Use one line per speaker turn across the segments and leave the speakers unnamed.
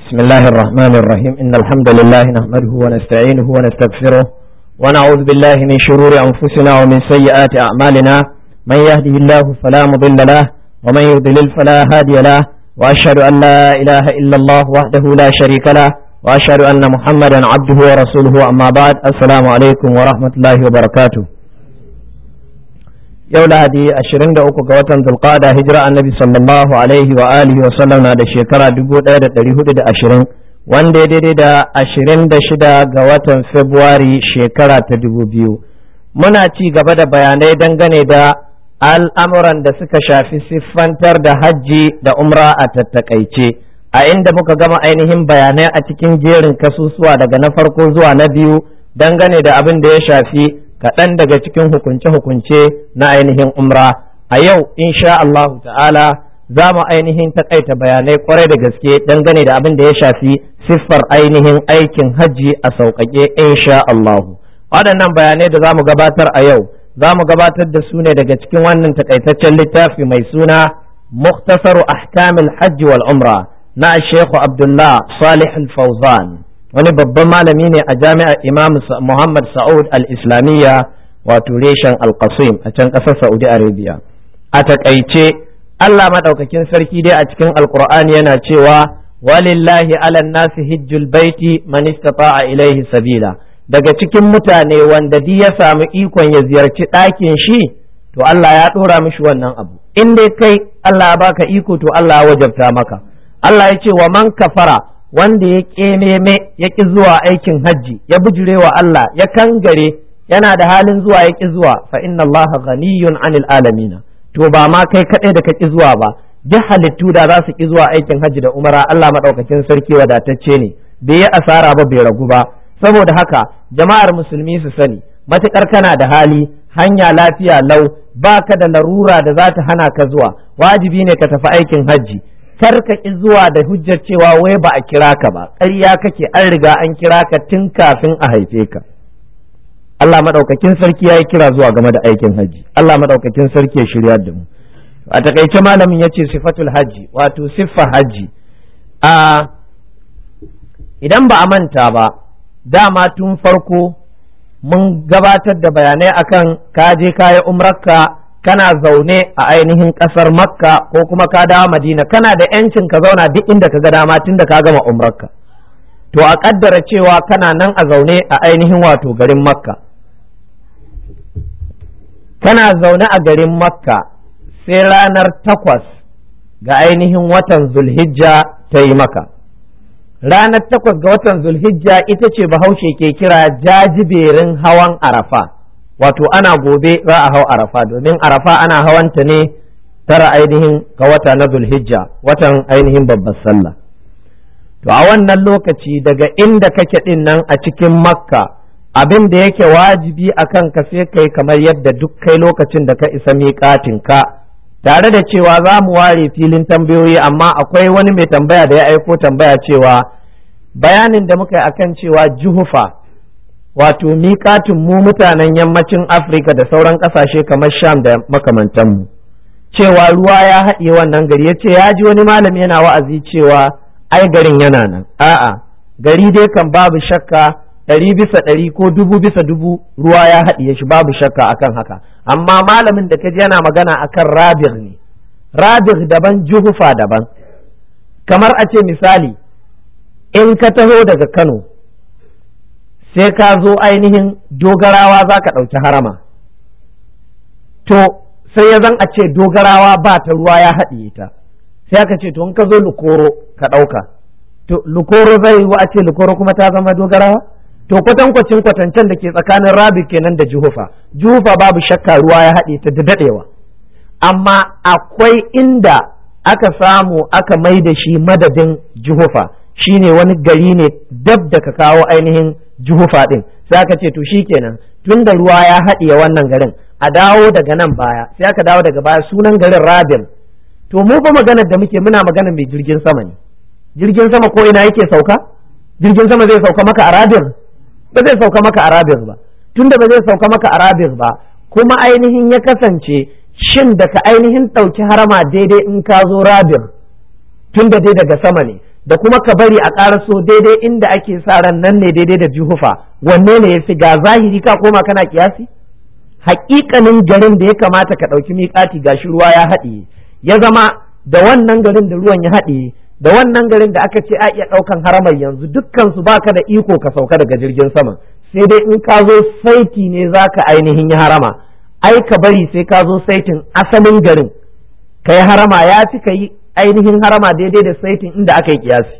بسم الله الرحمن الرحيم إن الحمد لله نحمده ونستعينه ونستغفره ونعوذ بالله من شرور أنفسنا ومن سيئات أعمالنا من يهده الله فلا مضل له ومن يضلل فلا هادي له وأشهد أن لا إله إلا الله وحده لا شريك له وأشهد أن محمدا عبده ورسوله أما بعد السلام عليكم ورحمة الله وبركاته yau lahadi 23 ga watan zulqada hijira annabi sallallahu alaihi wa alihi wa sallam na da shekara 1420 wanda daidai da 26 ga watan february shekara ta 2000 muna ci gaba da bayanai dangane da al'amuran da suka shafi siffantar da hajji da umra a tattakaice a inda muka gama ainihin bayanai a cikin jerin kasusuwa daga na farko zuwa na biyu dangane da abin da ya shafi kaɗan daga cikin hukunce-hukunce na ainihin umra a yau insha Allahu ta'ala za mu ainihin takaita bayanai kwarai da gaske dangane da abin da ya shafi siffar ainihin aikin hajji a sauƙaƙe insha Allahu waɗannan bayanai da za mu gabatar a yau za mu gabatar da su ne daga cikin wannan takaitaccen littafi mai suna muktasaru ahkamil hajji wal umra na Sheikh Abdullah Salih Al-Fawzan wani babban malami ne a jami'ar imam muhammad sa'ud al-islamiyya wato reshen al-qasim a can ƙasar saudi arabia a takaice allah maɗaukakin sarki dai a cikin alkur'ani yana cewa walillahi ala nasi hijjul baiti man istata'a ilaihi sabila daga cikin mutane wanda di ya samu ikon ya ziyarci ɗakin shi to Allah ya ɗora mishi wannan abu in dai kai Allah ya baka iko to Allah ya wajabta maka Allah ya ce wa man kafara wanda ya ƙememe ya ƙi zuwa aikin hajji ya bijire wa Allah ya kangare yana da halin zuwa ya ƙi zuwa fa inna Allah ghaniyun anil alamina to ba ma kai kaɗai da ka ƙi zuwa ba duk halittu da za su ƙi zuwa aikin hajji da umara Allah maɗaukacin sarki wadatacce ne bai yi asara ba bai ragu ba saboda haka jama'ar musulmi su sani matuƙar kana da hali hanya lafiya lau ba ka da larura da za ta hana ka zuwa wajibi ne ka tafi aikin hajji karka ki zuwa da hujjar cewa wai ba a kira ka ba ƙarya kake an riga an kira ka tun kafin a haife ka Allah madaukakin sarki ya yi kira zuwa game da aikin haji Allah madaukakin sarki ya shirya da mu a takaice malamin yace sifatul haji wato siffa haji a idan ba a manta ba dama tun farko mun gabatar da bayanai akan ka je yi umrarka kana zaune a ainihin ƙasar makka ko kuma ka dawo madina kana da yancin ka zauna duk inda ka ga dama tun da ka gama umrarka to a ƙaddara cewa kana nan a zaune a ainihin wato garin makka kana zaune a garin makka sai ranar takwas ga ainihin watan zulhijja ta yi maka ranar takwas ga watan zulhijja ita ce bahaushe ke kira jajiberin hawan arafa wato ana gobe za a hau arafa domin arafa ana hawanta ne tara ainihin ga wata na zulhijja watan ainihin babbar sallah to a wannan lokaci daga inda kake din nan a cikin makka abin da yake wajibi a ka sai kai kamar yadda duk kai lokacin da ka isa miƙatinka tare da cewa za mu ware filin tambayoyi amma akwai wani mai tambaya da ya aiko tambaya cewa bayanin da muka yi akan cewa juhufa wato miƙatin mu mutanen yammacin afirka da sauran ƙasashe kamar sham da makamantanmu cewa ruwa ya haɗe wannan gari ya ce ya ji wani malami yana wa'azi cewa ai garin yana nan a'a gari dai kan babu shakka ɗari bisa ɗari ko dubu bisa dubu ruwa ya haɗiye shi babu shakka akan haka amma malamin da ka ji yana magana akan rabir ne rabir daban juhufa daban kamar a ce misali in ka taho daga kano sai ka zo ainihin dogarawa za ka ɗauki harama to sai ya zan a ce dogarawa ba ta ruwa ya haɗiye ta sai aka ce to in ka zo lukoro ka ɗauka to lukoro zai yi a ce lukoro kuma ta zama dogarawa to kwatankwacin kwatancen da ke tsakanin rabi kenan da juhufa juhufa babu shakka ruwa ya haɗe ta da daɗewa amma akwai inda aka samu aka mai da shi madadin juhufa Shi ne wani gari ne dab da ka kawo ainihin juhufa din sai aka ce to shikenan tun da ruwa ya haɗiye wannan garin a dawo daga nan baya sai aka dawo daga baya sunan garin rabin to mu ba maganar da muke muna maganar mai jirgin sama ne jirgin sama ko ina yake sauka jirgin sama zai sauka maka a rabin ba zai sauka maka a rabin ba tunda ba zai sauka maka a rabin ba kuma ainihin ya kasance shin da ainihin ɗauki harama daidai in ka zo rabin tunda dai daga sama ne da kuma ka bari a so daidai inda ake sa ran nan ne daidai da juhufa wanne ne ya fi ga zahiri ka koma kana kiyasi haƙiƙanin garin da ya kamata ka ɗauki miƙati ga shi ruwa ya haɗe ya zama da wannan garin da ruwan ya haɗe da wannan garin da aka ce a iya ɗaukan haramar yanzu dukkan su baka da iko ka sauka daga jirgin sama sai dai in ka zo saiti ne zaka ainihin ya harama ai ka bari sai ka zo saitin asalin garin ka yi harama ya fi ka yi ainihin harama daidai da saitin inda aka yi kiyasi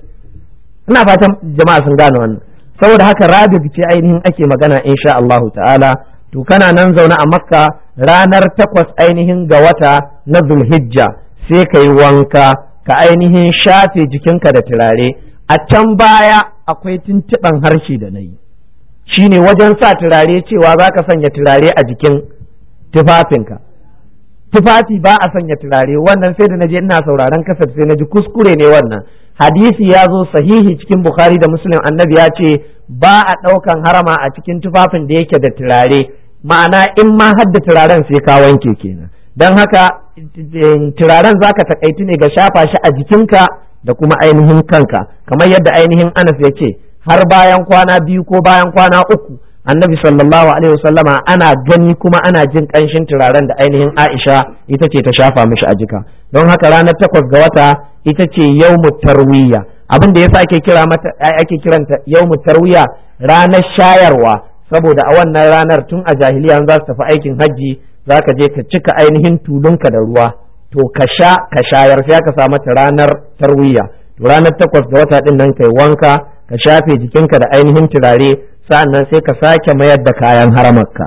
ina fatan jama'a sun gane wannan saboda haka rabi ce ainihin ake magana insha Allah ta'ala to kana nan zaune a makka ranar takwas ainihin ga wata na zulhijja sai ka yi wanka ka ainihin shafe jikinka da turare a can baya akwai tuntuɓan harshe da na yi shine wajen sa turare cewa za ka sanya turare a jikin tufafinka tufafi ba a sanya turare wannan sai da na je ina sauraron kasar sai na ji kuskure ne wannan hadisi ya zo sahihi cikin bukhari da muslim annabi ya ce ba a ɗaukan harama a cikin tufafin da yake da turare ma'ana in ma hadda turaren sai ka wanke kenan don haka eh, turaren zaka takaitu ne ga shafa shi a jikinka da kuma ainihin kanka kamar yadda ainihin anas ya ce har bayan kwana biyu ko bayan kwana uku annabi sallallahu alaihi wasallama ana gani kuma ana jin kanshin turaren da ainihin aisha ita ce ta shafa mishi a jika don haka ranar takwas ga wata ita ce yaumu tarwiya abin da yasa ake kira mata ake kiranta yawmu tarwiya ranar shayarwa saboda a wannan ranar tun a jahiliya za su tafi aikin hajji zaka je ka cika ainihin tulunka da ruwa to ka sha ka shayar sai ka samu ta ranar tarwiya to ranar takwas ga wata din nan kai wanka ka shafe jikinka da ainihin turare sa'annan sai ka sake mayar da kayan haramarka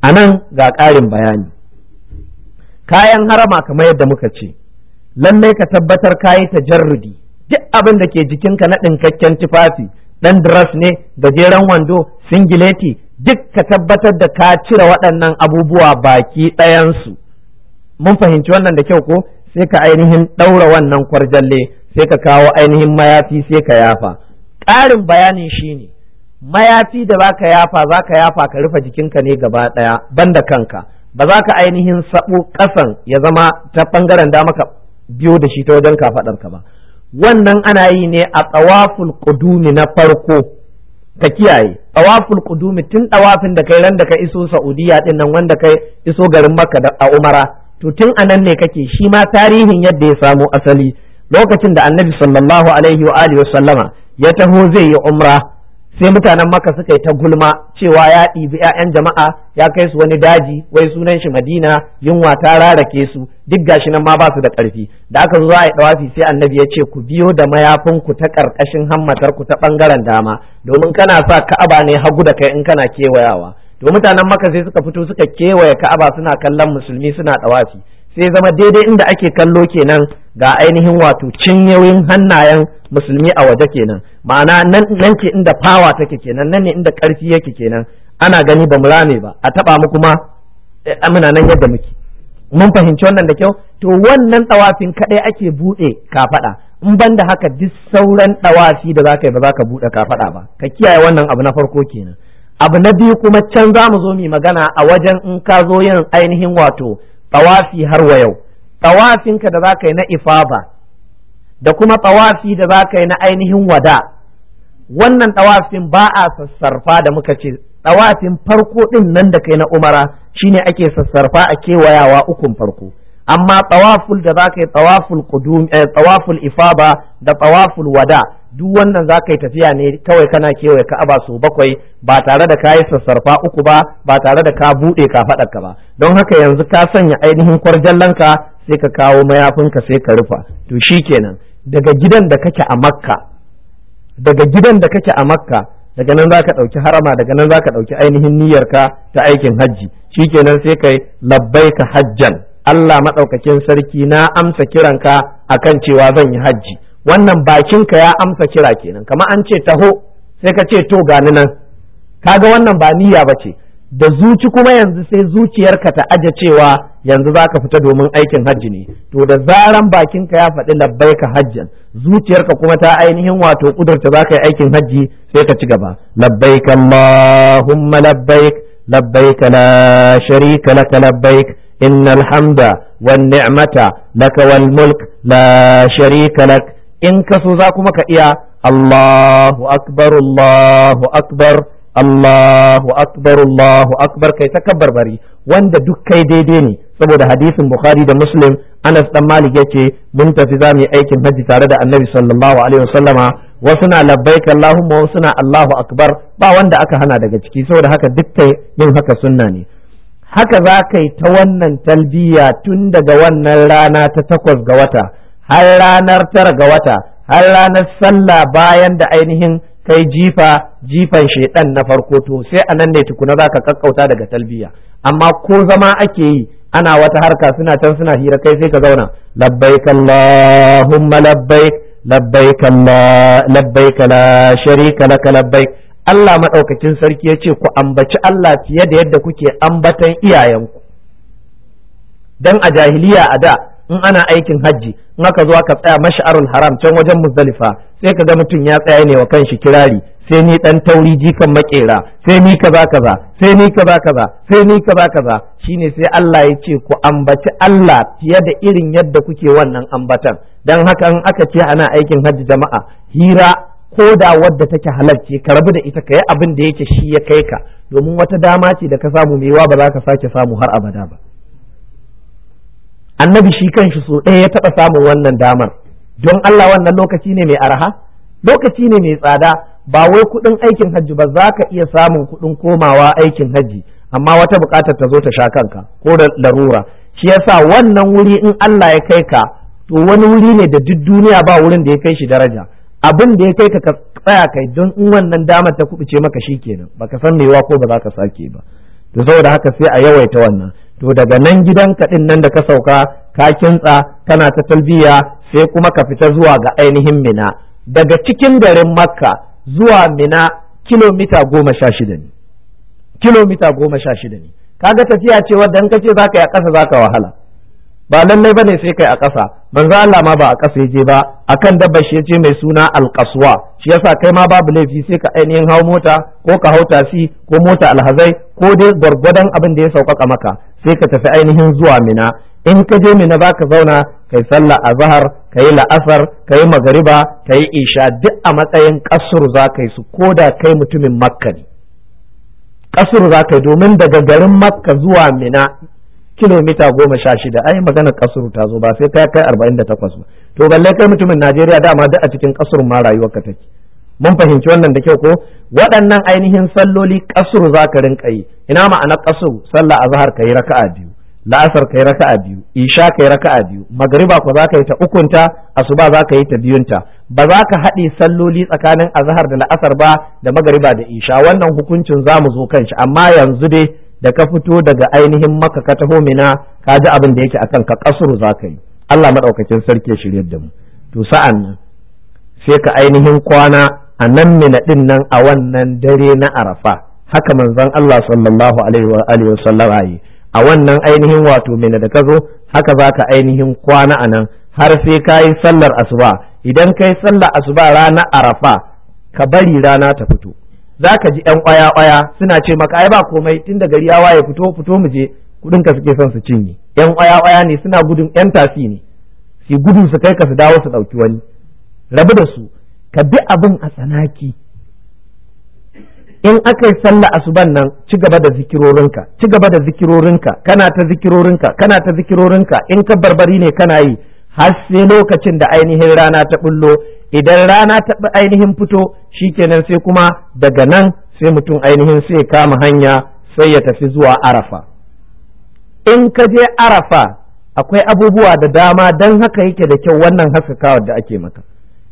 a nan ga ƙarin bayani kayan harama kamar yadda muka ce lallai ka tabbatar ka yi jarrudi duk abin da ke jikinka na ɗinkakken tufafi ɗan dress ne gajeren wando singileti duk ka tabbatar da ka cire waɗannan abubuwa baki ɗayansu mun fahimci wannan da kyau ko sai ka ainihin ɗaura wannan kwarjalle sai ka kawo ainihin mayafi sai ka yafa ƙarin bayanin shine mayafi da ka yafa za ka yafa ka rufe jikinka ne gaba ɗaya banda kanka ba za ka ainihin sabo ƙasan ya zama ta ɓangaren da maka biyo da shi ta wajen kafaɗarka ba wannan ana yi ne a tsawaful kudumi na farko ka kiyaye tsawaful kudumi tun tsawafin da kai ran da ka iso saudiya din nan wanda kai iso garin makka da a umara to tun anan ne kake shi ma tarihin yadda ya samo asali lokacin da annabi sallallahu alaihi wa alihi ya taho zai yi umra sai mutanen maka suka yi ta gulma cewa ya ɗibi 'ya'yan jama'a ya kai su wani daji wai sunan shi madina yunwa ta rarake su duk gashi nan ma ba su da ƙarfi da aka zo a yi ɗawafi sai annabi ya ce ku biyo da mayafinku ta ƙarƙashin hammatar ku ta ɓangaren dama domin kana sa ka'aba ne hagu da kai in kana kewayawa to mutanen maka sai suka fito suka kewaye ka'aba suna kallon musulmi suna ɗawafi sai zama daidai inda ake kallo kenan ga ainihin wato cinyoyin hannayen musulmi a waje kenan ma'ana nan nan inda fawa take kenan nan ne inda karfi yake kenan ana gani ba mu ba a taba mu kuma eh, amina nan yadda muke mun fahimci wannan da kyau to wannan tsawafin kadai ake bude kafada in banda haka duk sauran ɗawafi da zaka yi ba zaka bude kafada ba ka kiyaye wannan abu na farko kenan abu na biyu kuma can za mu zo mu magana a wajen in ka zo yin ainihin wato tawafi har wa yau ka da za yi na ifaba da kuma tawafi da za ka yi na ainihin wada wannan tawafin ba a sassarfa da muka ce tawafin farko ɗin nan da kai na umara shine ake sassarfa a kewayawa ukun farko amma tawaful da za ka yi tawaful eh, tawaful ifaba da tawaful wada duk wannan za ka yi tafiya ne kawai kana kewaye ka sau bakwai ba tare da ka yi sassarfa uku ba ba tare da ka buɗe ka faɗa ka ba don haka yanzu ka sanya ainihin kwarjallanka sai ka kawo mayafinka sai ka rufa to shi kenan daga gidan da kake a makka daga gidan da kake a makka daga nan ka ɗauki harama daga nan za ka ɗauki ainihin niyyarka ta aikin hajji shikenan sai kai ka hajjan Allah maɗaukakin sarki na amsa kiranka akan cewa zan yi hajji wannan bakinka ya amsa kira kenan kama an ce taho sai ka ce to gani nan ka ga wannan ba niyya ba ce da zuci kuma yanzu sai zuciyarka ta aje cewa yanzu za ka fita domin aikin hajji ne to da zaran bakinka ya faɗi ka hajjan zuciyarka kuma ta ainihin wato ƙudurta za ka yi aikin hajji sai ka ci gaba labbaik allahumma labbaik labbaik la sharika laka labbaik innal alhamda wa ni'mata laka wal mulk la sharika lak in ka so za kuma ka iya allahu akbar allahu akbar Allahu akbar Allahu akbar kai ta bari. wanda duk kai daidai ne saboda hadisin Bukhari da Muslim Anas dan Malik yake mun tafi za mu yi aikin hajji tare da Annabi sallallahu alaihi wasallama wasu na labbaik Allahumma wasu na Allahu akbar ba wanda aka hana daga ciki saboda haka duk kai yin haka sunna ne haka za ka yi ta wannan talbiya tun daga wannan rana ta takwas ga wata har ranar tara ga wata har ranar sallah bayan da ainihin kai jifa jifan shaidan na farko to sai nan ne tukuna ka kakkauta daga talbiya amma ko zama ake yi ana wata harka suna can suna hira kai sai ka zauna labbaik allahumma allah maɗaukacin la sharika lak Allah maɗaukakin sarki yace ku ambaci Allah fiye da yadda kuke ambatan iyayenku don a jahiliya a da in ana aikin hajji in aka zo aka tsaya mash'arul haram can wajen muzdalifa sai ka ga mutum ya tsaya ne wa kanshi kirari sai ni dan tauri jikan makera sai ni kaza kaza sai ni kaza kaza sai ni kaza kaza shine sai Allah ya ce ku ambaci Allah fiye da irin yadda kuke wannan ambatan dan haka in aka ce ana aikin hajji jama'a hira ko da wadda take halarci ka rabu da ita ka yi abin da yake shi ya kai ka domin wata dama ce da ka samu mewa ba za ka sake samu har abada ba annabi shi kanshi so ɗaya ya taɓa samun wannan damar don Allah wannan lokaci ne mai araha lokaci ne mai tsada ba wai kuɗin aikin hajji ba za ka iya samun kuɗin komawa aikin hajji amma wata buƙatar ta zo ta sha kanka ko da larura shi yasa wannan wuri in Allah ya kai ka to wani wuri ne da duk duniya ba wurin da ya kai shi daraja abin da ya kai ka tsaya kai don in wannan damar ta kubuce maka shi kenan baka san wa ko ba za ka sake ba to saboda haka sai a yawaita wannan to daga nan gidan kaɗin nan da ka sauka ka kintsa kana ta talbiya sai kuma ka fita zuwa ga ainihin mina daga cikin garin makka zuwa mina kilomita goma sha shida ne kilomita goma sha shida ne kaga tafiya cewa dan kace ka za ka yi a ƙasa za ka wahala ba lallai ba ne sai kai a ƙasa manzo Allah ma ba a ƙasa ya je ba akan dabba shi ce mai suna alqaswa shi yasa kai ma babu laifi sai ka ainihin hau mota ko ka hau tasi ko mota alhazai ko dai gwargwadon abin da ya sauƙaƙa maka sai ka tafi ainihin zuwa mina in ka je mina za ka zauna kai sallah azhar kai la'asar kai magariba kai isha duk a matsayin kasur za ka yi su da kai mutumin makka ne kasur za ka yi domin daga garin makka zuwa mina kilomita goma sha shida ai magana kasuru ta zo ba sai ta kai arba'in da takwas ba to balle kai mutumin najeriya dama duk a cikin kasurun ma rayuwar ka take mun fahimci wannan da kyau ko waɗannan ainihin salloli kasuru za ka rinka yi ina ma'ana kasuru sallah azhar kai raka'a biyu la'asar kai raka'a biyu isha kai raka'a biyu magariba ko za ka yi ta ukunta asuba za ka yi ta biyunta ba za ka haɗe salloli tsakanin azahar da la'asar ba da magariba da isha wannan hukuncin za mu zo kanshi amma yanzu dai da ka fito daga ainihin maka ka taho mina ka ji abin da yake akan ka kasuru za ka yi Allah maɗaukakin sarki ya shirya da mu to sa'an nan sai ka ainihin kwana a nan mina ɗin nan a wannan dare na arafa haka manzon Allah sallallahu alaihi wa alihi wa sallama yi a wannan ainihin wato mina da ka zo haka za ka ainihin kwana a nan har sai ka yi sallar asuba idan ka yi sallar asuba rana arafa ka bari rana ta fito za ka ji yan ƙwaya ƙwaya suna ce maka ai ba komai tun da gari ya waye fito fito mu je kuɗin ka suke son su cinye yan ƙwaya ƙwaya ne suna gudun yan tasi ne su gudu su kai ka su dawo su ɗauki wani rabu da su ka bi abin a tsanaki in aka yi sallah asuban nan ci gaba da zikirorinka ci gaba da zikirorinka kana ta zikirorinka kana ta zikirorinka in ka barbari ne kana yi har sai lokacin da ainihin rana ta bullo idan rana ta ainihin fito shi kenan sai kuma daga nan sai mutum ainihin sai kama hanya sai ya tafi zuwa arafa in ka je arafa akwai abubuwa da dama don haka yake da kyau wannan haskakawa da ake maka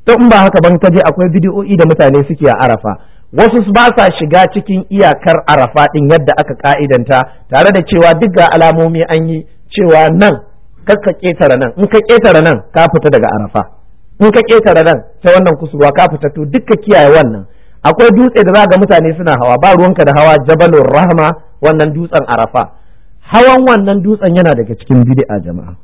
to in ba haka ban ka je akwai bidiyo'i da mutane suke a arafa wasu ba sa shiga cikin iyakar arafa din yadda aka ka'idanta tare da cewa duk ga alamomi an yi cewa nan kakka ƙetare nan in ka ƙetare nan ka fita daga arafa in ka ketare nan ta wannan kusurwa ka fita to dukka kiyaye wannan akwai dutse da za ga mutane suna hawa ba ruwanka da hawa jabalur rahma wannan dutsen arafa hawan wannan dutsen yana daga cikin bid'a jama'a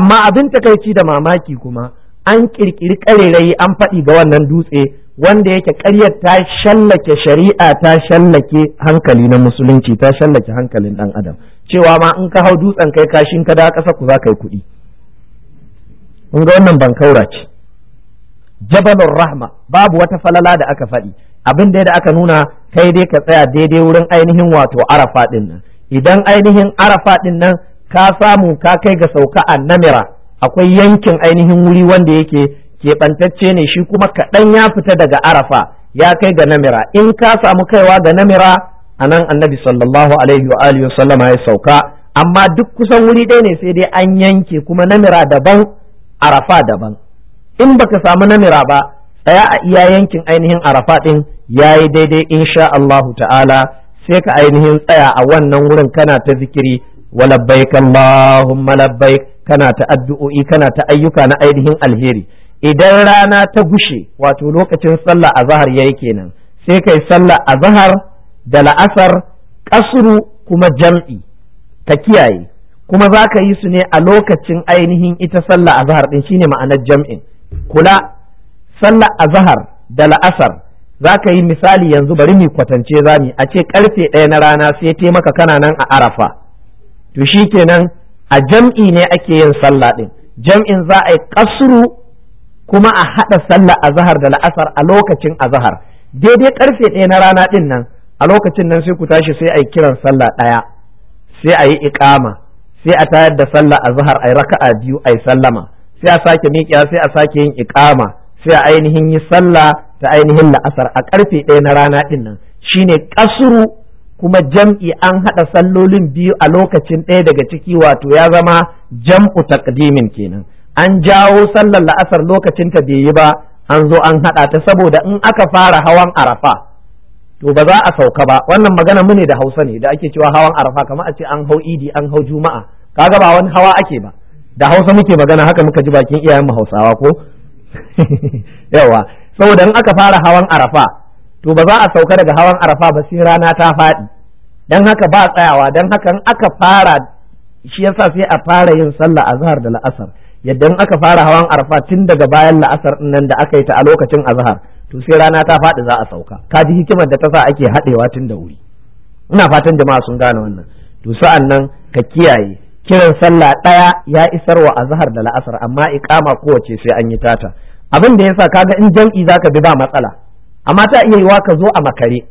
amma abin takaici da mamaki kuma an kirkiri karerai an faɗi ga wannan dutse wanda yake ƙaryar ta shallake shari'a ta shallake hankali na musulunci ta shallake hankalin ɗan adam cewa ma in ka hau dutsen kai kashin ka da ƙasa ku za ka yi kuɗi. ga wannan bankaura ce jabalur rahma babu wata falala da aka faɗi abin da aka nuna kai dai ka tsaya daidai wurin ainihin wato arafa din nan idan ainihin arafa din nan ka samu ka kai ga sauka a namira akwai yankin ainihin wuri wanda yake keɓantacce ne shi kuma kaɗan ya fita daga arafa ya kai ga namira in ka samu kaiwa ga namira a nan annabi sallallahu alaihi wa alihi sallama ya sauka amma duk kusan wuri ɗaya ne sai dai an yanke kuma namira daban arafa daban in baka samu namira ba tsaya a iya yankin ainihin arafa din yayi daidai insha Allah ta'ala sai ka ainihin tsaya a wannan wurin kana ta zikiri wa labbaik Allahumma labbaik kana ta addu'o'i kana ta ayyuka na ainihin alheri idan rana ta gushe wato lokacin sallah azhar yayi kenan sai kai sallah azhar da la'asar kasru kuma jam'i ta kiyaye kuma za ka yi su ne a lokacin ainihin ita sallah azhar din shine ma'anar jam'in kula sallar azhar da la'asar za ka yi misali yanzu bari mu kwatance mu a ce karfe ɗaya na rana sai te maka kana nan a arafa to shi kenan a jam'i ne ake yin sallah ɗin jam'in za a yi kasru kuma a haɗa sallar azhar da la'asar a lokacin azhar daidai karfe ɗaya na rana ɗin nan a lokacin nan sai ku tashi sai a yi kiran sallah ɗaya sai a yi iƙama sai a tayar da sallah azhar a yi raka'a biyu a yi sallama sai a sake miƙewa sai a sake yin iqama sai a ainihin yi sallah ta ainihin la'asar a karfe ɗaya na rana ɗin nan shine kasuru kuma jam'i an haɗa sallolin biyu a lokacin ɗaya daga ciki wato ya zama jam'u takdimin kenan an jawo sallar la'asar lokacin ta bai yi ba an zo an haɗa ta saboda in aka fara hawan arafa to ba za a sauka ba wannan magana mu ne da hausa ne da ake cewa hawan arafa kamar a ce an hau idi an hau juma'a kaga ba wani hawa ake ba da hausa muke magana haka muka ji bakin iyayen mu hausawa ko yawa saboda in aka fara hawan arafa to ba za a sauka daga hawan arafa ba sai rana ta faɗi dan haka ba tsayawa dan haka in aka fara shi yasa sai a fara yin sallah azhar da la'asar yadda in aka fara hawan arafa tun daga bayan la'asar nan da aka yi ta a lokacin azhar to sai rana ta faɗi za a sauka ka ji hikimar da ta sa ake haɗewa tun da wuri ina fatan jama'a sun gane wannan to sa'an ka kiyaye kiran sallah ɗaya ya isarwa a zahar da la'asar amma iqama kowace sai an yi tata abin da yasa kaga in jam'i zaka bi ba matsala amma ta iya yiwa ka zo a makare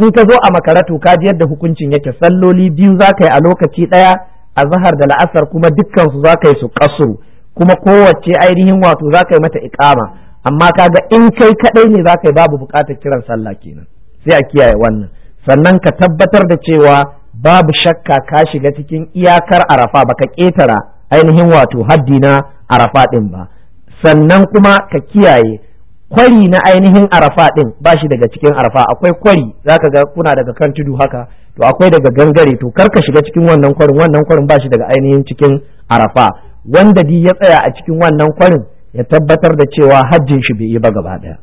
in ka zo a makare to ka ji yadda hukuncin yake salloli biyu zaka yi a lokaci ɗaya a azhar da la'asar kuma dukkan su zaka yi su kasru kuma kowace ainihin wato zaka yi mata iqama amma kaga in kai kaɗai ne zaka yi babu buƙatar kiran sallah kenan sai a kiyaye wannan sannan ka tabbatar da cewa babu shakka ka shiga cikin iyakar arafa baka ƙetara ainihin wato haddi na arafa ɗin ba sannan kuma ka kiyaye kwari na ainihin arafa ɗin ba shi daga cikin arafa akwai kwari ka ga kuna daga kan tudu haka to akwai daga gangare to kar ka shiga cikin wannan kwarin wannan kwarin ba shi daga ainihin cikin arafa wanda di ya tsaya a cikin wannan kwarin ya tabbatar da cewa hajjin shi bai yi ba gaba ɗaya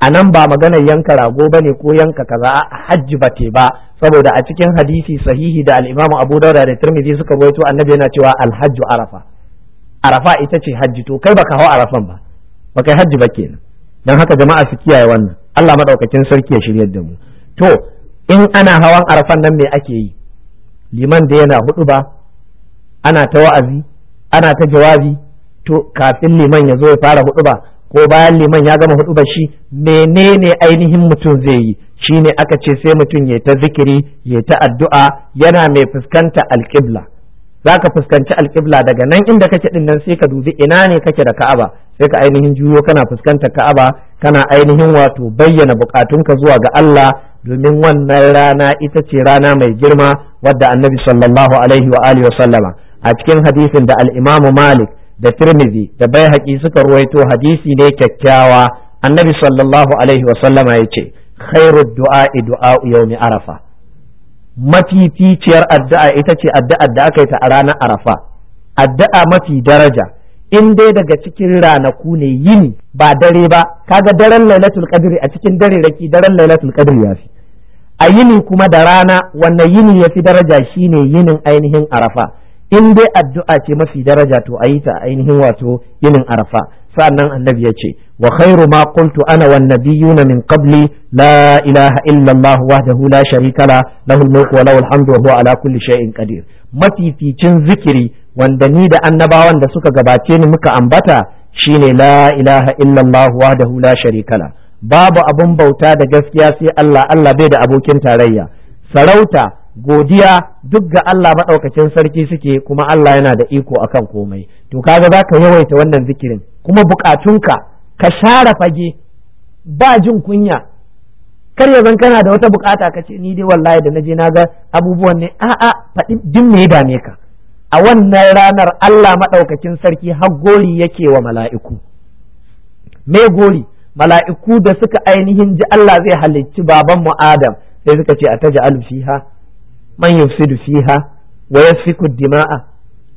a nan ba maganar yanka rago ba ne ko yanka kaza a hajji ba te ba saboda a cikin hadisi sahihi da al'imamu abu dauda da tirmidhi suka to annabi yana cewa alhajju arafa arafa ita ce hajji to kai baka hau arafan ba ba kai hajji ba kenan dan haka jama'a su kiyaye wannan Allah madaukakin sarki ya shirya da mu to in ana hawan arafan nan me ake yi liman da yana hudu ba ana ta wa'azi ana ta jawabi to kafin liman ya zo ya fara hudu ba ko bayan liman ya gama hudu shi menene ainihin mutum zai yi shine aka ce sai mutum ya ta zikiri ya ta addu'a yana mai fuskanta alƙibla za ka fuskanci alƙibla daga nan inda kake din nan sai ka dubi ina ne kake da ka'aba sai ka ainihin juyo kana fuskantar ka'aba kana ainihin wato bayyana bukatunka zuwa ga Allah domin wannan rana ita ce rana mai girma wadda annabi sallallahu alaihi wa alihi wa sallama a cikin hadisin da al-imamu malik da tirmidhi da baihaqi suka ruwaito hadisi ne kyakkyawa annabi sallallahu alaihi wa sallama yace khairud du'a du'a yawmi arafa mafificiyar addu'a ita ce addu'ar da aka yi ta a ranar arafa addu'a mafi daraja in dai daga cikin ranaku ne yini ba dare ba kaga daren lailatul qadri a cikin dare raki daren lailatul ya fi a yini kuma da rana wanne yini yafi daraja shine yinin ainihin arafa in dai addu'a ce mafi daraja to yi ta ainihin wato yinin arafa sannan annabi ya ce wa khairu ma qultu ana wan nabiyuna min qabli la ilaha illa allah wahdahu la sharika la lahul mulku wa lahul alhamdu wa huwa ala kulli shay'in qadir mafificin zikiri wanda ni da annabawan da suka gabace ni muka ambata shine la ilaha illa allah wahdahu la sharika la babu abun bauta da gaskiya sai Allah Allah bai da abokin tarayya sarauta godiya duk ga Allah maɗaukacin sarki suke kuma Allah yana da iko a kan komai to kaga za ka yawaita wannan zikirin kuma bukatunka ka share fage ba jin kunya kar ya kana da wata bukata ka ce ni dai wallahi da naje na ga abubuwan ne a'a faɗi din me dame ka a wannan ranar Allah maɗaukacin sarki har gori yake wa mala'iku me gori mala'iku da suka ainihin ji Allah zai halicci babanmu Adam sai suka ce a taja fiha man yufsidu fiha wa yasfiku dima'a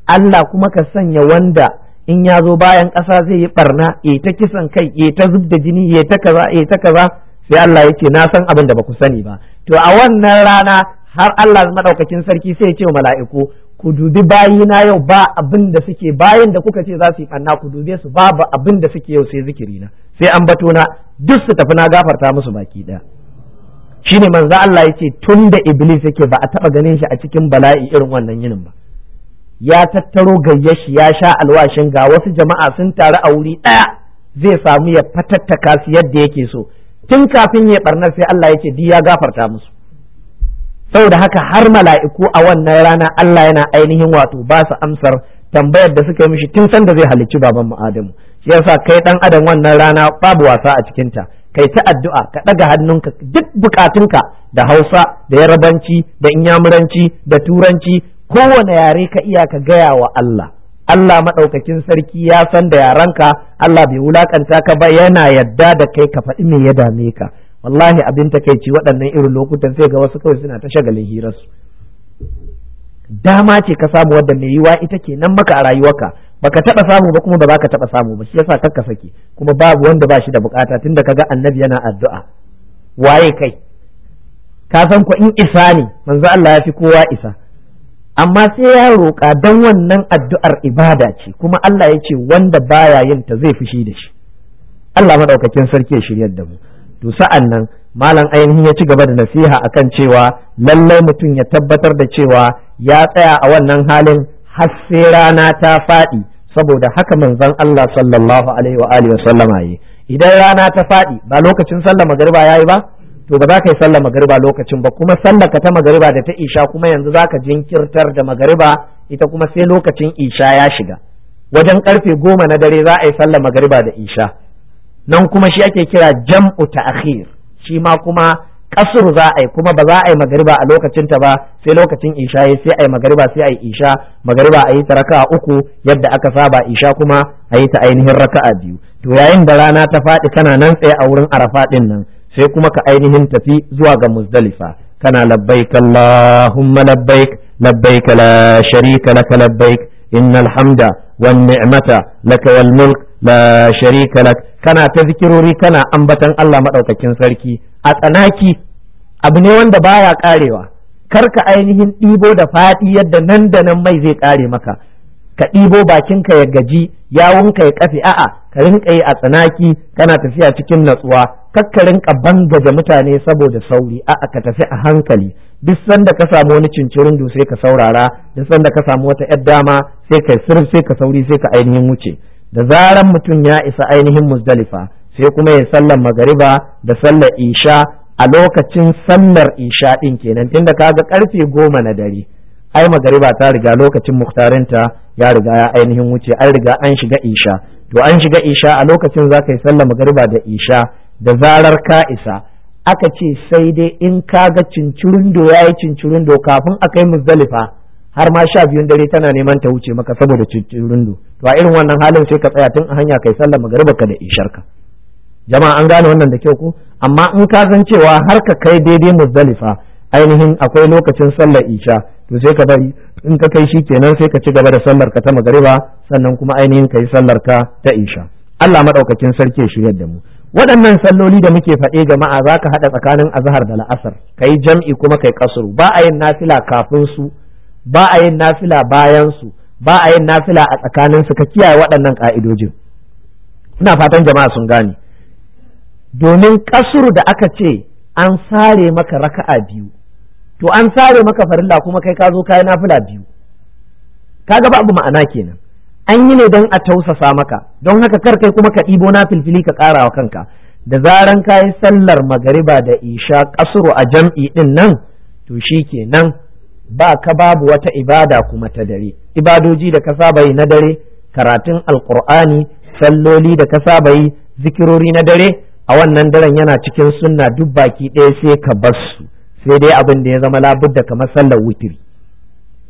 Allah kuma ka sanya wanda in ya zo bayan ƙasa zai yi barna ya ta kisan kai ya ta zub jini ya ta kaza ya ta kaza sai Allah yake na san abin da ba ku sani ba to a wannan rana har Allah madaukakin sarki sai ya ce wa mala'iku ku dubi bayina yau ba abin da suke bayan da kuka ce za su yi kanna ku dube su babu abin da suke yau sai na. sai an bato na duk su tafi na gafarta musu baki ɗaya. shine manzo Allah yace da iblis yake ba a taba ganin shi a cikin bala'i irin wannan yinin ba ya tattaro gayyashi ya sha alwashin ga wasu jama'a sun taru a wuri ɗaya zai samu ya fatattaka su yadda yake so tun kafin ya barnar sai Allah ya ce duk ya gafarta musu Sau da haka har mala'iku a wannan rana Allah yana ainihin wato ba su amsar tambayar da suka yi mishi tun sanda zai halicci baban mu Adamu shi yasa kai dan adam wannan rana babu wasa a cikinta kai ta addu'a ka ɗaga hannunka duk bukatunka da hausa da yarabanci da inyamuranci da turanci kowane yare ka iya ka gaya wa Allah Allah maɗaukakin sarki ya san da yarenka Allah bai wulakanta ka ba yana yadda da kai ka faɗi me ya dame ka wallahi abin takaici waɗannan irin lokutan sai ga wasu kawai suna ta shagalin hirarsu dama ce ka samu wadda mai yiwa ita ke nan maka a rayuwarka baka taɓa samu ba kuma ba za ka taba samu ba shi yasa ka sake kuma babu wanda ba shi da bukata tunda kaga annabi yana addu'a waye kai ka san ko in isa ne manzo Allah ya fi kowa isa amma sai ya roƙa don wannan addu'ar ibada ce kuma Allah ya ce wanda baya yin ta zai fushi da shi Allah madaukakin sarki ya shiryar da mu to sa'an nan malam ainihin ya ci gaba da nasiha akan cewa lallai mutum ya tabbatar da cewa ya tsaya a wannan halin har sai rana ta faɗi saboda haka manzon Allah sallallahu alaihi wa alihi wasallama yi idan rana ta faɗi ba lokacin sallar magariba yayi ba to ba za ka yi sallar magariba lokacin ba kuma sallar ka ta magariba da ta isha kuma yanzu za ka jinkirtar da magariba ita kuma sai lokacin isha ya shiga wajen karfe goma na dare za a yi sallar magariba da isha nan kuma shi ake kira jam'u ta'khir shi ma kuma kasur za a yi kuma ba za a yi magariba a lokacin ta ba sai lokacin isha yi sai a yi magariba sai a yi isha magariba a yi ta raka'a uku yadda aka saba isha kuma a yi ta ainihin raka'a biyu to yayin da rana ta faɗi kana nan tsaye a wurin arafa ɗin nan sai kuma ka ainihin tafi zuwa ga muzdalifa kana labbaik allahumma labbaik labbaik la sharika laka labbaik innal hamda wan ni'mata laka wal mulk la sharika lak kana ta zikirori kana ambatan Allah madaukakin sarki a tsanaki abu ne wanda baya karewa kar ka ainihin ɗibo da faɗi yadda nan da nan mai zai kare maka ka ɗibo bakinka ya gaji yawunka ya kafe a'a ka rinka yi a tsanaki kana tafiya cikin natsuwa kakka rinka bangaje mutane saboda sauri a'a ka tafi a hankali duk sanda ka samu wani cincirin sai ka saurara duk sanda ka samu wata yar dama sai ka sirf sai ka sauri sai ka ainihin wuce da zaran mutum ya isa ainihin muzdalifa sai kuma ya sallar magariba da sallar isha a lokacin sallar isha din kenan tunda kaga karfe goma na dare ai magariba ta riga lokacin muktarinta ya riga ya ainihin wuce an riga an shiga isha to an shiga isha a lokacin za ka yi sallar magariba da isha da zarar ka isa aka ce sai dai in ka ga cincirindo ya yi cincirindo kafin a kai muzdalifa har ma sha biyun dare tana neman ta wuce maka saboda cincirindo to a irin wannan halin sai ka tsaya tun a hanya kai sallar magariba ka da ishar ka jama'a an gane wannan da kyau ko amma in ka san cewa har ka kai daidai muzdalifa ainihin akwai lokacin sallar isha to sai ka bari in ka kai shi kenan sai ka ci gaba da sallar ka ta magariba sannan kuma ainihin ka yi sallar ka ta isha Allah madaukakin sarki ya shiryar da mu waɗannan salloli da muke faɗe jama'a za ka haɗa tsakanin azhar da la'asar ka yi jam'i kuma kai kasuru ba a yin nafila kafin su ba a yin nafila bayan su ba a yin nafila a tsakanin su ka kiyaye waɗannan ka'idojin ina fatan jama'a sun gane domin kasur da aka ce an sare maka raka'a biyu to an sare maka farilla kuma kai ka zo kayan nafila biyu kaga babu ma'ana kenan an yi ne don a tausasa maka don haka kar kai kuma ka ɗibo na filfili ka ƙara wa kanka da zaran ka yi sallar magariba da isha ƙasuru a jam'i ɗin nan to shi kenan ba ka babu wata ibada kuma ta dare ibadoji da ka saba yi na dare karatun alƙur'ani salloli da ka saba yi zikirori na dare a wannan daren yana cikin sunna duk baki ɗaya sai ka bar su sai dai abin da ya zama labudda kamar sallar wutiri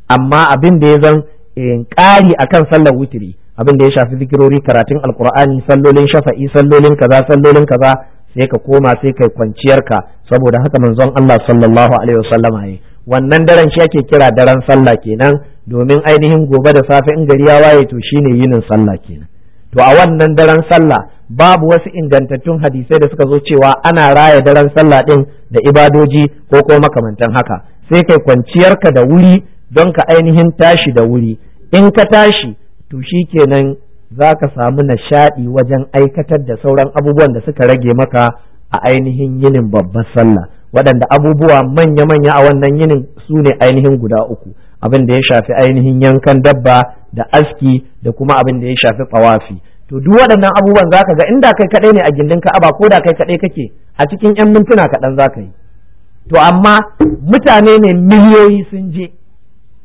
amma abin da ya zan eh, ƙari akan sallar wutiri abin da ya shafi zikirori karatun alkur'ani sallolin shafa'i sallolin kaza sallolin kaza sai ka koma sai kai kwanciyarka saboda haka manzon Allah sallallahu alaihi wasallama wannan daren shi ake kira daren sallah kenan domin ainihin gobe da safe in gari ya waye to shine yinin sallah kenan to a wannan daren sallah babu wasu ingantattun hadisai da suka zo cewa ana raya daren sallah din da ibadoji ko ko makamantan haka sai kai kwanciyarka da wuri don ka ainihin tashi da wuri in ka tashi to kenan za ka samu nishaɗi wajen aikatar da sauran abubuwan da suka rage maka a ainihin yinin babbar sallah waɗanda abubuwa manya-manya a wannan yinin su ne ainihin guda uku abin da ya shafi ainihin yankan dabba da aski da kuma abin da ya shafi tsawafi to duk waɗannan abubuwan za ka ga inda kai kaɗai ne a gindin ka'aba ko da kai kaɗai kake a cikin 'yan mintuna kaɗan za ka yi to amma mutane ne miliyoyi sun je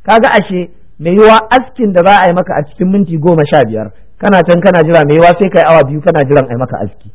kaga ashe mai yiwa askin da za a yi maka a cikin minti goma sha biyar kana can kana jira mai yiwa sai kai awa biyu kana jiran a yi maka aski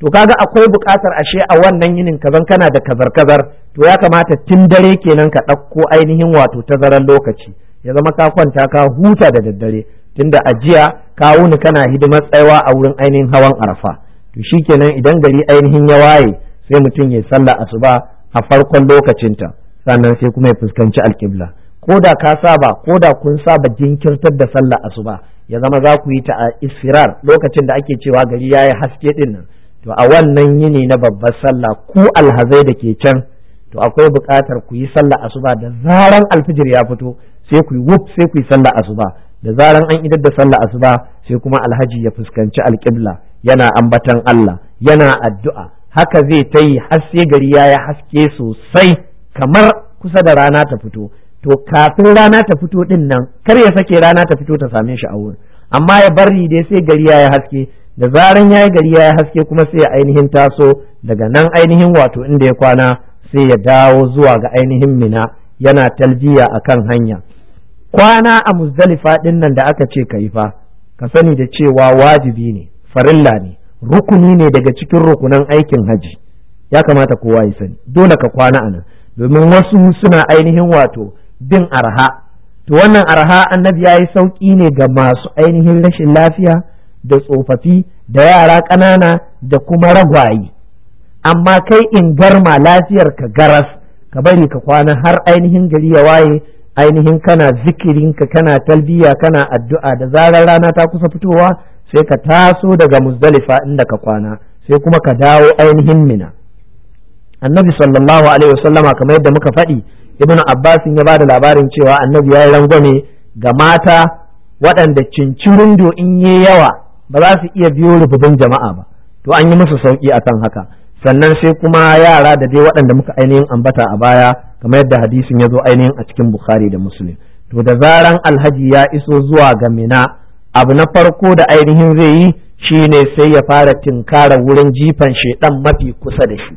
to kaga akwai buƙatar ashe a wannan yinin kazan kana da kazar kazar to ya kamata tun dare kenan ka ɗauko ainihin wato tazaran lokaci ya zama ka kwanta ka huta da daddare tunda a jiya ka wuni kana hidimar tsayawa a wurin ainihin hawan arafa to shikenan idan gari ainihin ya waye sai mutum ya sallah asuba a farkon lokacin ta sannan sai kuma ya fuskanci alkibla ko da ka saba ko da kun saba jinkirtar da sallah asuba ya zama za ku yi ta a isfirar lokacin da ake cewa gari ya yi haske din nan to a wannan yini na babbar sallah ku alhazai da ke can to akwai buƙatar ku yi sallah asuba da zaran alfijir ya fito sai ku wuf sai ku yi sallah asuba da zaran an idar da sallah asuba sai kuma alhaji ya fuskanci alƙibla yana ambatan Allah yana addu'a haka zai ta yi har sai gari ya yi haske sosai kamar kusa da rana ta fito to kafin rana ta fito din nan kar ya sake rana ta fito ta same shi a wurin amma ya bari dai sai gari ya yi haske da zaran ya yi gari ya yi haske kuma sai ya ainihin taso daga nan ainihin wato inda ya kwana sai ya dawo zuwa ga ainihin mina yana talbiya akan hanya kwana a muzdalifa din nan da aka ce ka yi fa ka sani da cewa wajibi ne farilla ne rukuni ne daga cikin rukunan aikin haji ya kamata kowa ya sani dole ka kwana a nan domin wasu suna ainihin wato bin arha to wannan arha annabi ya yi sauƙi ne ga masu ainihin rashin lafiya da tsofaffi da yara ƙanana da kuma ragwaye amma kai in garma lafiyar ka garas ka bari ka kwana har ainihin gari ya waye ainihin kana zikirinka kana talbiya kana addu'a da zarar rana ta kusa fitowa sai ka taso daga muzdalifa inda ka kwana sai kuma ka dawo ainihin mina annabi sallallahu alaihi wasallama kamar yadda muka faɗi ibnu abbas ya bada labarin cewa annabi ya yi rangwame ga mata waɗanda cincirindo in yi yawa ba za su iya biyo rububin jama'a ba to an yi musu sauki akan haka sannan sai kuma yara da dai waɗanda muka ainihin ambata a baya kamar yadda hadisin ya zo ainihin a cikin bukhari da muslim to da zaran alhaji ya iso zuwa ga mina abu na farko da ainihin zai yi shine sai ya fara tinkara wurin jifan shaidan mafi kusa da shi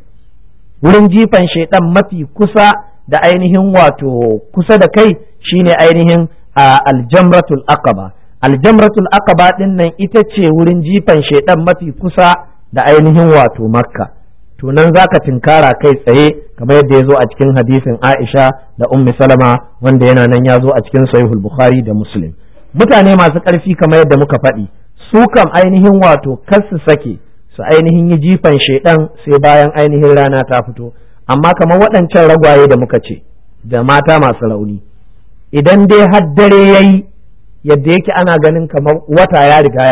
wurin jifan shaidan mafi kusa da ainihin wato kusa da kai shine ainihin a aljamratul aqaba aljamratul aqaba din nan ita ce wurin jifan shaidan mafi kusa da ainihin wato makka to nan ka tinkara kai tsaye kamar yadda ya zo a cikin hadisin Aisha da Ummi Salama wanda yana nan ya zo a cikin Sahihul Bukhari da Muslim mutane masu ƙarfi kamar yadda muka faɗi su kam ainihin wato kar su sake su ainihin yi jifan shaidan sai bayan ainihin rana ta fito amma kamar waɗancan ragwaye da muka ce da mata masu rauni idan dai har dare yayi yadda yake ana ganin kamar wata ya riga ya